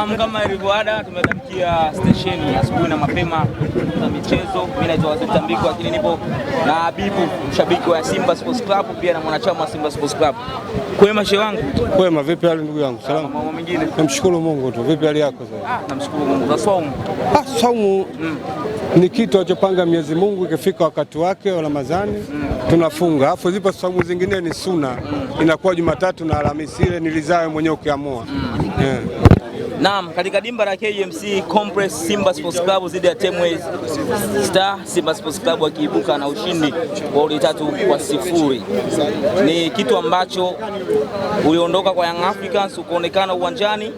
Naam, kama ilivyo ada tumetamkia stesheni asubuhi na mapema za michezo. Mimi naitwa Wazee Tambiko, lakini nipo na Habibu, mshabiki wa Simba Sports Club, pia na mwanachama wa Simba Sports Club. Kwema shehe wangu? Kwema, vipi hali ndugu yangu? Salama. Mambo mengine? Namshukuru Mungu tu. Vipi hali yako sasa? Ah, namshukuru Mungu. Za saumu. Ah, saumu mm. ni kitu alichopanga Mwenyezi Mungu, ikifika wakati wake wa Ramadhani mm. tunafunga. Alafu zipo saumu zingine ni suna mm. inakuwa Jumatatu na Alhamisi, ile nilizawe mwenyewe ukiamua mm. yeah. Naam, katika dimba la KMC Complex Simba Sports Club zidi ya Temwe Star, Simba Sports Club akiibuka na ushindi wa goli tatu kwa sifuri. Ni kitu ambacho uliondoka kwa Young Africans ukaonekana uwanjani,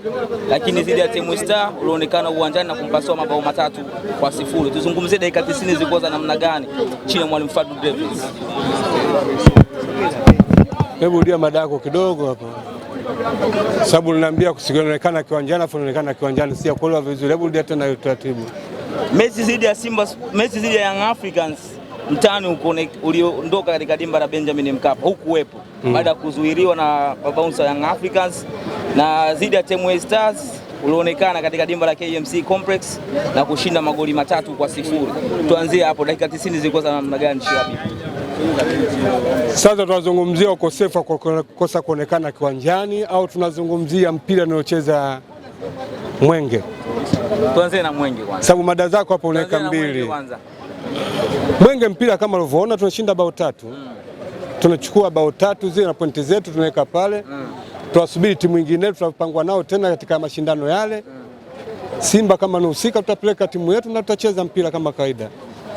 lakini zidi ya Temwe Star ulionekana uwanjani na kumpasua mabao matatu kwa sifuri. Tuzungumzie dakika 90 zilikuwa za namna gani chini ya mwalimu Fadlu Davids? Hebu rudia madako kidogo hapa sababu ninaambia kusionekana kiwanjani afu naonekana kiwanjani, sijakuelewa vizuri. Hebu rudia tena utaratibu. Mechi dhidi ya Simba, mechi dhidi ya Young Africans mtani uliondoka katika dimba la Benjamin Mkapa hukuwepo mm. baada ya kuzuiliwa na mabaunsa Young Africans, na dhidi ya Temwe Stars ulionekana katika dimba la KMC Complex na kushinda magoli matatu kwa sifuri. Tuanzie hapo, dakika 90 zilikuwa za namna gani, Shabiki? Sasa tunazungumzia ukosefu wa kukosa kuonekana kiwanjani au tunazungumzia mpira unaocheza Mwenge? Tuanze na Mwenge kwanza, sababu mada zako hapo unaweka mbili. Mwenge mpira kama ulivyoona tunashinda bao tatu mm. tunachukua bao tatu zile na pointi zetu tunaweka pale mm. Tuwasubiri timu nyingine tutapangwa nao tena katika mashindano yale mm. Simba kama nahusika tutapeleka timu yetu na tutacheza mpira kama kawaida.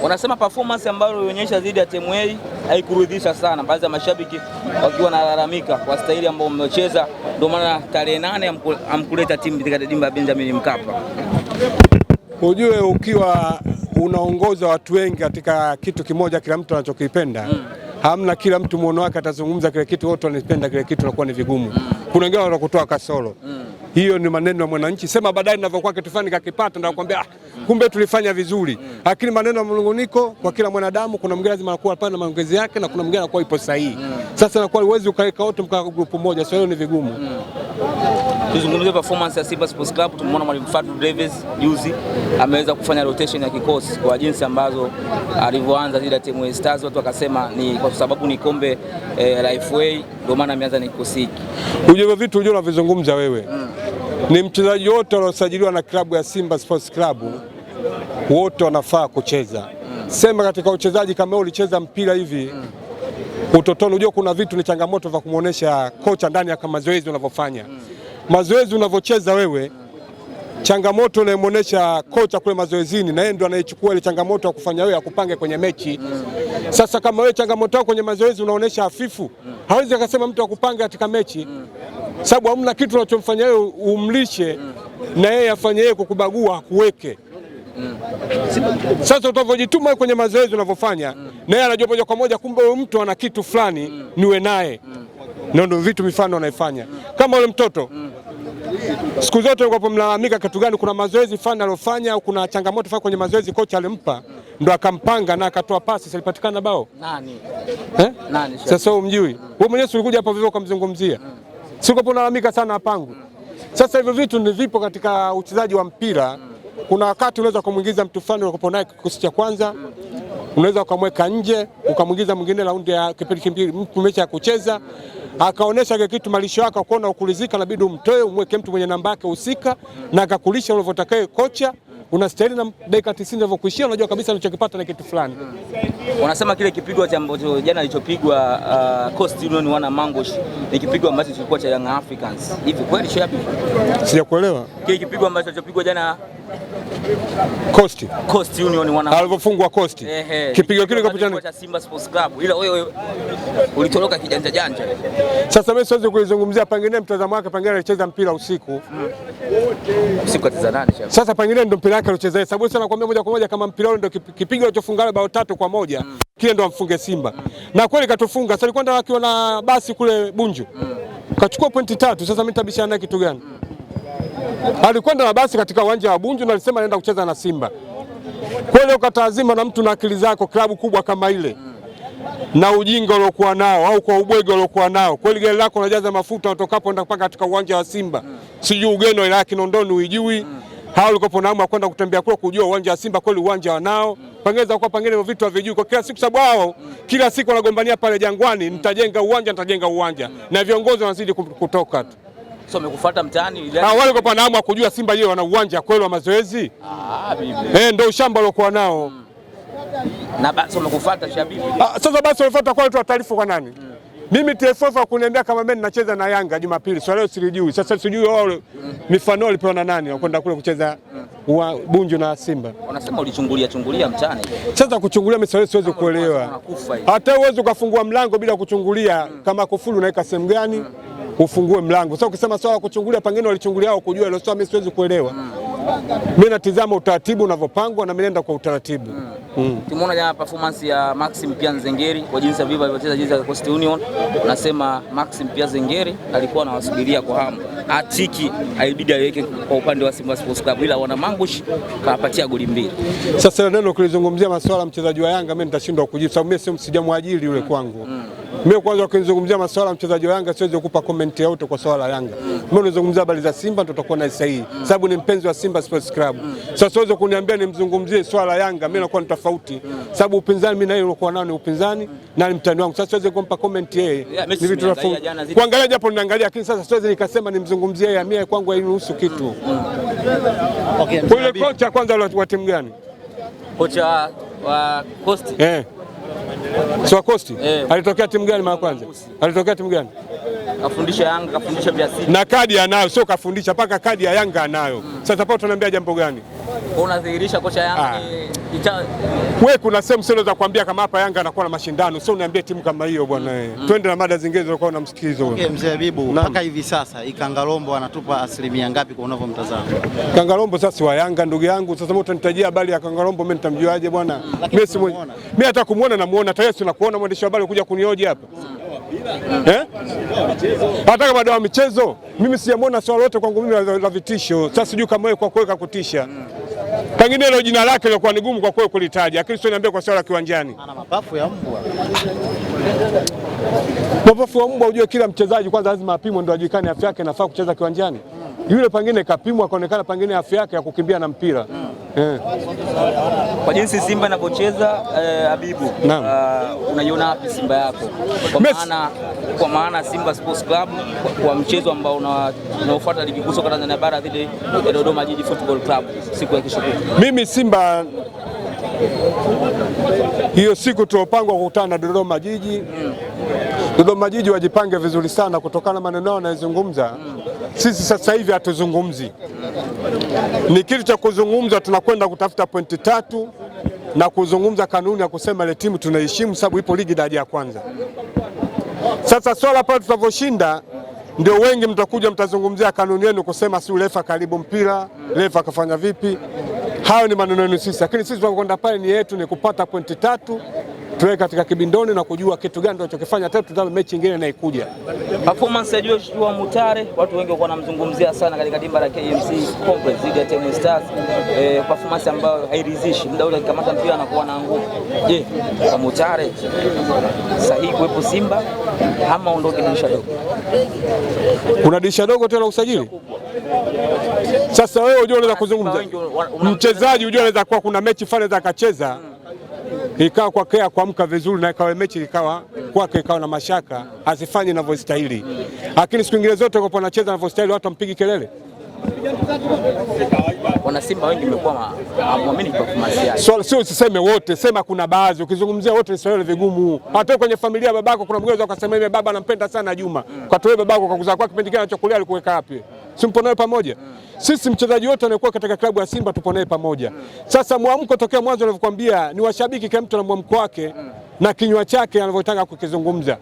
Wanasema performance ambayo ulionyesha dhidi ya timu A haikuridhisha sana, baadhi ya mashabiki wakiwa wanalalamika kwa staili ambayo mmecheza, ndio maana tarehe nane amkuleta timu katika dimba ya Benjamin Mkapa. Ujue ukiwa unaongoza watu wengi katika kitu kimoja, kila mtu anachokipenda mm. Hamna, kila mtu muono wake atazungumza kile kitu, wote wanapenda kile kitu, nakuwa ni vigumu mm. Kuna wengine watakutoa kasoro mm. Hiyo ni maneno ya mwananchi, sema baadaye ninavyokuwa kitu kakipata, ndio kwambia ah, kumbe tulifanya vizuri. Lakini maneno ya mlunguniko kwa kila mwanadamu, kuna mwingine lazima anakuwa pale na maongezi yake na kuna mwingine anakuwa ipo sahihi. Sasa inakuwa huwezi ukaweka wote mkaa grupu moja, sio? Hiyo ni vigumu. Tuzungumzie performance ya Simba Sports Club. Tumemwona mwalimu Fadlu Davis juzi ameweza kufanya rotation ya kikosi kwa jinsi ambazo alivyoanza zile timu ya Stars, watu wakasema ni kwa sababu ni kombe eh, la FA ndio maana ameanza na kikosi hiki. Hujua vitu unajua unavizungumza wewe mm ni mchezaji wote waliosajiliwa na klabu ya Simba Sports Club wote wanafaa kucheza. Sema katika uchezaji kama ulicheza mpira hivi utotoni, unajua kuna vitu ni changamoto vya kumwonesha kocha ndani ya mazoezi unavyofanya mazoezi unavyocheza wewe, changamoto unayemuonesha kocha kule mazoezini, na yeye ndo anayechukua ile changamoto ya kufanya wewe akupange kwenye mechi. Sasa kama wewe changamoto yako kwenye mazoezi unaonesha hafifu, hawezi akasema mtu akupange katika mechi sababu hamna kitu unachomfanya wewe umlishe na yeye afanye yeye kukubagua akuweke. Sasa utavyojituma kwenye mazoezi unavyofanya na yeye anajua moja kwa moja, kumbe huyu mtu ana kitu fulani niwe naye, na ndio vitu mifano anaifanya kama yule mtoto siku zote kwa mlalamika kitu gani? Kuna mazoezi fulani aliyofanya au kuna changamoto fulani kwenye mazoezi kocha alimpa, ndo akampanga na akatoa pasi, salipatikana bao nani? Eh? Nani sasa, umjui wewe mwenyewe, ulikuja hapo vivyo ukamzungumzia. Mm sikopolalamika sana pangu. Sasa hivyo vitu ni vipo katika uchezaji wa mpira. Kuna wakati unaweza ukamwingiza mtu fulani ukapo naye kikosi cha kwanza, unaweza ukamweka nje ukamwingiza mwingine raundi ya kipindi mtu mechi ya kucheza akaonesha kile kitu malisho yake, akaona ukulizika, inabidi umtoe umweke mtu mwenye namba yake husika na akakulisha unavyotakae kocha unastahili na dakika 90 inavyokuishia, unajua kabisa unachokipata na kitu fulani. Unasema kile kipigwa cha ambacho jana alichopigwa uh, Coast Union wana Mangosh ni kipigo ambacho kilikuwa cha Young Africans hivi kweli? Shabi, sijakuelewa kile kipigwa ambacho alichopigwa jana Coast Coast Union wana alivyofungwa Coast, kipigo kile kapitana Kwa Simba Sports Club, ila wewe ulitoroka kijanja janja. Sasa mimi siwezi kuizungumzia, pangilia mtazamo wake, pangilia alicheza mpira usiku hmm. usiku atiza nani shaka. Sasa pangilia ndo mpira wake alicheza, sababu sasa nakwambia moja kwa moja, kama mpira ule ndo kipigo alichofunga bao tatu kwa moja mm. kile ndo amfunge Simba mm. na kweli katufunga. Sasa alikwenda akiwa basi kule Bunju mm. kachukua pointi tatu. Sasa mimi nitabishana naye kitu gani? mm alikwenda na basi katika uwanja wa Bunju na alisema anaenda kucheza na Simba. Kweli ukatazima na mtu na akili zako, klabu kubwa kama ile na ujinga uliokuwa nao au kwa ubwege uliokuwa nao, kweli gari lako unajaza mafuta utokapo enda kupaka katika uwanja wa Simba, sijui ugeni ila Kinondoni uijui hao ulikopo na naamua kwenda kutembea kule kujua uwanja wa Simba kweli uwanja wanao pengine za kwa pangeni, vitu havijui kwa kila siku, sababu hao kila siku wanagombania pale Jangwani, nitajenga uwanja nitajenga uwanja, na viongozi wanazidi kutoka tu. So amekufuata mtaani ile. Na wale walikuwa naamua kujua Simba yeye wana uwanja kweli wa mazoezi? Ah, bibi. Eh, ndio ushamba waliokuwa nao. Mm. Na basi wamekufuata shabibi. Ah, sasa basi walifuata kwa watu taarifa kwa nani? Mm. Mimi TFF wakuniambia kama mimi ninacheza na Yanga Jumapili. Swali leo silijui. Sasa sijui wao mm. mifano walipewa na nani na kwenda kule kucheza wa Bunju na Simba. Wanasema ulichungulia chungulia mchana. Sasa kuchungulia mimi siwezi kuelewa. Hata uweze ukafungua mlango bila kuchungulia kama kufuru unaweka sehemu gani? ufungue mlango. Sasa ukisema swala kuchungulia, pengine walichungulia au kujua ile swala, mimi siwezi kuelewa. Hmm. Mimi natizama utaratibu unavyopangwa na mimi naenda kwa utaratibu. Mm. Tumeona jana performance ya Maxim Pia Nzengeri kwa jinsi ya Viva alivyocheza jinsi ya Coast Union. Unasema Maxim Pia Nzengeri alikuwa anawasubiria kwa hamu. Atiki aibidi aweke kwa upande wa Simba Sports Club ila wana Mangush kawapatia goli mbili. Sasa neno kulizungumzia masuala mchezaji wa Yanga mimi nitashindwa kujibu sababu mimi sijamwajiri yule kwangu. Mm. Mimi kwanza ukinizungumzia masuala mchezaji wa Yanga siwezi kukupa comment yote kwa swala la Yanga. Mimi unazungumzia habari za Simba ndio tutakuwa na sahihi, sababu ni mpenzi wa Simba Sports Club. Sasa siwezi kuniambia nimzungumzie swala la Yanga, mimi nakuwa ni tofauti, sababu upinzani mimi naye ulikuwa nao ni upinzani na ni mtani wangu. Sasa siwezi kumpa comment yeye, ni vitu tofauti kuangalia, japo ninaangalia, lakini sasa siwezi nikasema nimzungumzie yeye, mimi kwangu hairuhusu kitu. Okay, kocha kwanza wa timu gani? Kocha wa Coast. Eh si wakosti eh. Alitokea timu gani mara kwanza? Alitokea timu gani? Kafundisha Yanga, kafundisha Biasi na kadi anayo, sio kafundisha mpaka kadi ya Yanga anayo. Mm. Sasa pao tunaambia jambo gani? unadhihirisha kocha Yanga ah. ni ita... we kuna sehemu sio za kuambia kama hapa Yanga anakuwa na mashindano, sio uniambie timu kama hiyo bwana mm, mm. Twende na mada zingine zilizokuwa na msikilizo okay, mzee Bibu mpaka hivi sasa Ikangalombo anatupa asilimia ngapi kwa unavyomtazama Kangalombo? Sasa wa Yanga ndugu yangu, sasa mimi utanitajia habari ya Kangalombo, mimi nitamjuaje bwana? Mm, mimi mimi hata kumwona namuona tayari, sina kuona mwandishi wa habari kuja kunioje hapa mm. Eh? Hata kama dawa michezo mimi sijamwona swala lote kwangu mimi la vitisho. Sasa sijui kama wewe kwa kuweka kutisha. Mm. Pengine hilo jina lake lilikuwa ni gumu kwa kweli kulitaja, lakini sio niambie kwa swala kiwanjani. Ana mapafu ya mbwa. Mapafu ya mbwa, ujue kila mchezaji kwanza lazima apimwe ndio ajulikane afya yake nafaa kucheza kiwanjani yule pangine kapimwa akaonekana pangine afya yake ya kukimbia na mpira hmm. eh. Kwa jinsi Simba inapocheza eh, Habibu uh, unaiona wapi Simba yako kwa maana, kwa maana Simba Sports Club kwa, kwa mchezo ambao unaofuata ligi kuu soka Tanzania bara dhidi ya Dodoma Jiji Football Club siku ya kesho Mimi Simba hiyo siku tuliopangwa kukutana na Dodoma Jiji mm. Dodoma Jiji wajipange vizuri sana kutokana na maneno yao mm. Sisi sasa hivi hatuzungumzi, ni kitu cha kuzungumza. Tunakwenda kutafuta pointi tatu na kuzungumza kanuni ya kusema ile timu tunaheshimu, sababu ipo ligi daraja ya kwanza. Sasa swala pale tutavyoshinda ndio wengi mtakuja mtazungumzia kanuni yenu kusema si refa karibu mpira refa akafanya vipi. Hayo ni maneno yenu sisi, lakini sisi tunakwenda pale ni yetu ni kupata pointi tatu tuwe katika kibindoni na kujua kitu gani tunachokifanya, tena tutazame mechi nyingine inayokuja. Performance ya Joshua Mutare watu wengi walikuwa wanamzungumzia sana katika dimba la KMC Complex dhidi ya Taimu Stars, eh, performance ambayo hairidhishi, muda ule akikamata mpira anakuwa nguvu. Je, kwa Mutare sahihi kuwepo Simba ama ondoke dirisha dogo? Kuna dirisha dogo tena usajili sasa, wewe unajua unaweza kuzungumza mchezaji, unajua unaweza kuwa kuna mechi fulani za akacheza hmm ikawa kwake kuamka vizuri na ikawa mechi ikawa kwake ikawa na mashaka, asifanye anavyostahili. Lakini siku nyingine zote kwa anacheza anavyostahili, watu ampigi kelele. Wana Simba wengi wamekuwa muamini kwa yake. So, sio usiseme wote, sema kuna baadhi. Ukizungumzia wote ni swali vigumu. Hata kwenye familia babako kuna mgeuza ukasema, baba anampenda sana Juma. Kwa towe babako kwa kuzaa kwake kipindi kile anachokulia alikuweka wapi? simpo naye pamoja sisi mchezaji wote anayekuwa katika klabu ya Simba tupo naye pamoja. Sasa mwamko tokea mwanzo nilivyokuambia, ni washabiki kila mtu na mwamko wake na kinywa chake anavyotaka kukizungumza.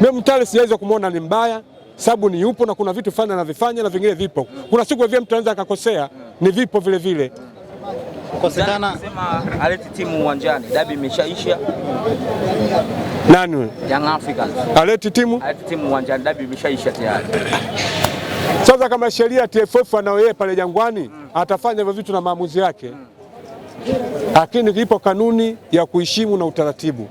Mimi Mtale siwezi kumwona ni mbaya, sababu ni yupo na kuna vitu fulani anavifanya na vingine vipo. Kuna siku vile mtu anaweza akakosea, ni vipo vile vile kukosekana sema aleti timu uwanjani, dabi imeshaisha. Nani? Young Africans aleti timu aleti timu uwanjani, dabi imeshaisha tayari. Sasa kama sheria TFF anao yeye pale Jangwani atafanya hivyo vitu na maamuzi yake, lakini ipo kanuni ya kuheshimu na utaratibu.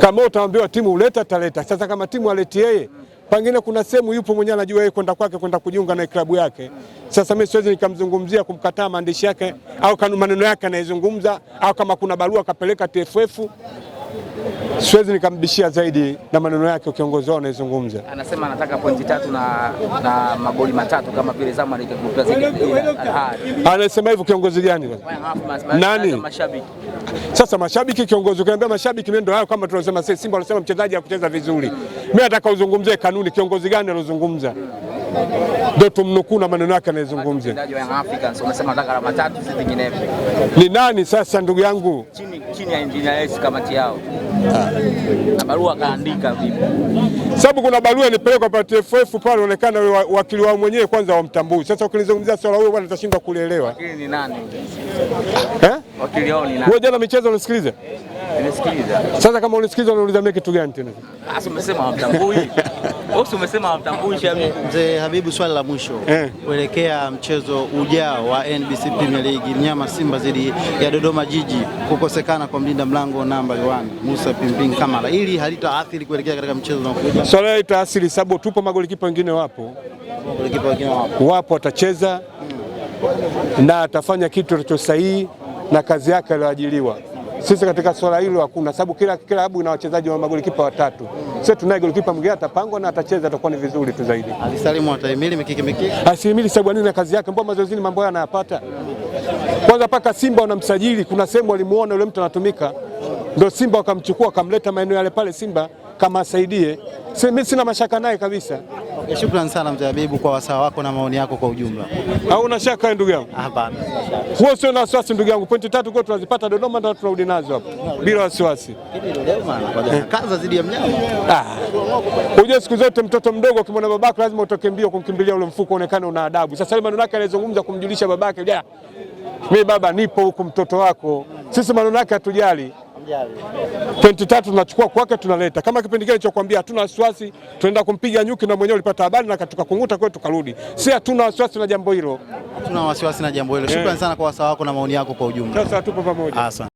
Kama utaambiwa timu uleta, taleta. Sasa kama timu aleti yeye pengine kuna sehemu yupo mwenyewe anajua yeye kwenda kwake kwenda kujiunga na klabu yake. Sasa mimi siwezi nikamzungumzia kumkataa maandishi yake au maneno yake anayezungumza, au kama kuna barua akapeleka TFF siwezi nikambishia zaidi na maneno yake. Kiongozi wao anaizungumza, anasema anataka pointi tatu na, na magoli matatu kama vile Zamalek anasema hivyo. Kiongozi gani nani? Mashabiki sasa, mashabiki kiongozi, ukiambia mashabiki mendo hayo, kama tunasema Simba anasema mchezaji hakucheza vizuri, mimi nataka uzungumzie kanuni. Kiongozi gani anazungumza ndio tumnukuu na maneno yake anayezungumza. Ni nani sasa, ndugu yangu? Chini, chini ya engineer kamati yao na barua kaandika vipi? Sababu kuna barua nipelekwa kwa TFF pale, onekana wakili wao mwenyewe kwanza wamtambui. Sasa ukilizungumzia swala huyo bwana, utashindwa kulielewa. Wakili ni nani? Eh? Wakili wao ni nani? Wewe jana michezo unasikiliza? Nimesikiliza. Sasa kama unasikiliza, unauliza mimi kitu gani tena? Ah, sasa umesema wamtambui Bosi, umesema hamtambui mzee Habibu. Swali la mwisho eh. kuelekea mchezo ujao wa NBC Premier League, mnyama Simba dhidi ya Dodoma Jiji, kukosekana kwa mlinda mlango namba 1 Musa Pimpin Kamara, ili halitaathiri kuelekea katika mchezo unaokuja? Swali hili litaathiri sababu tupo magolikipa wengine wapo, magolikipa wengine wapo, wapo atacheza hmm, na atafanya kitu kilicho sahihi na kazi yake aliyoajiliwa sisi katika swala hilo hakuna sababu, kila klabu ina wachezaji wa magolikipa watatu. Sisi tunaye golikipa mwingine atapangwa na atacheza, atakuwa ni vizuri tu zaidi. Alisalimu atahimili mikiki mikiki, asihimili sababu nini? Na kazi yake mbona mazoezini mambo hayo anayapata? Kwanza mpaka Simba wanamsajili, kuna sehemu walimuona yule mtu anatumika, ndio Simba wakamchukua wakamleta maeneo yale pale Simba kama asaidie. Mimi sina mashaka naye kabisa. Eh, Shukrani sana mzee Habibu kwa wasaa wako na maoni yako kwa ujumla. Hauna shaka ndugu yangu? Hapana. Huo sio na wasiwasi ndugu yangu. Pointi tatu kwa tunazipata Dodoma na tunarudi nazo hapo. Bila wasiwasi. Eh. Kaza zidi ya mnyama. Ah. Unajua siku zote mtoto mdogo ukimwona babako lazima utoke mbio kumkimbilia ule mfuko uonekane una adabu. Sasa ile maneno yake alizungumza kumjulisha babake, "Mimi baba nipo huku mtoto wako." Sisi maneno yake hatujali pointi tatu tunachukua kwake, tunaleta kama kipindi kile nilichokuambia, hatuna wasiwasi, tunaenda kumpiga nyuki na mwenyewe ulipata habari na tukakunguta kwetu, tukarudi. Si hatuna wasiwasi na jambo hilo, hatuna wasiwasi na jambo hilo. Shukrani eh. sana kwa wasaa wako na maoni yako kwa ujumla. Sasa tupo pamoja.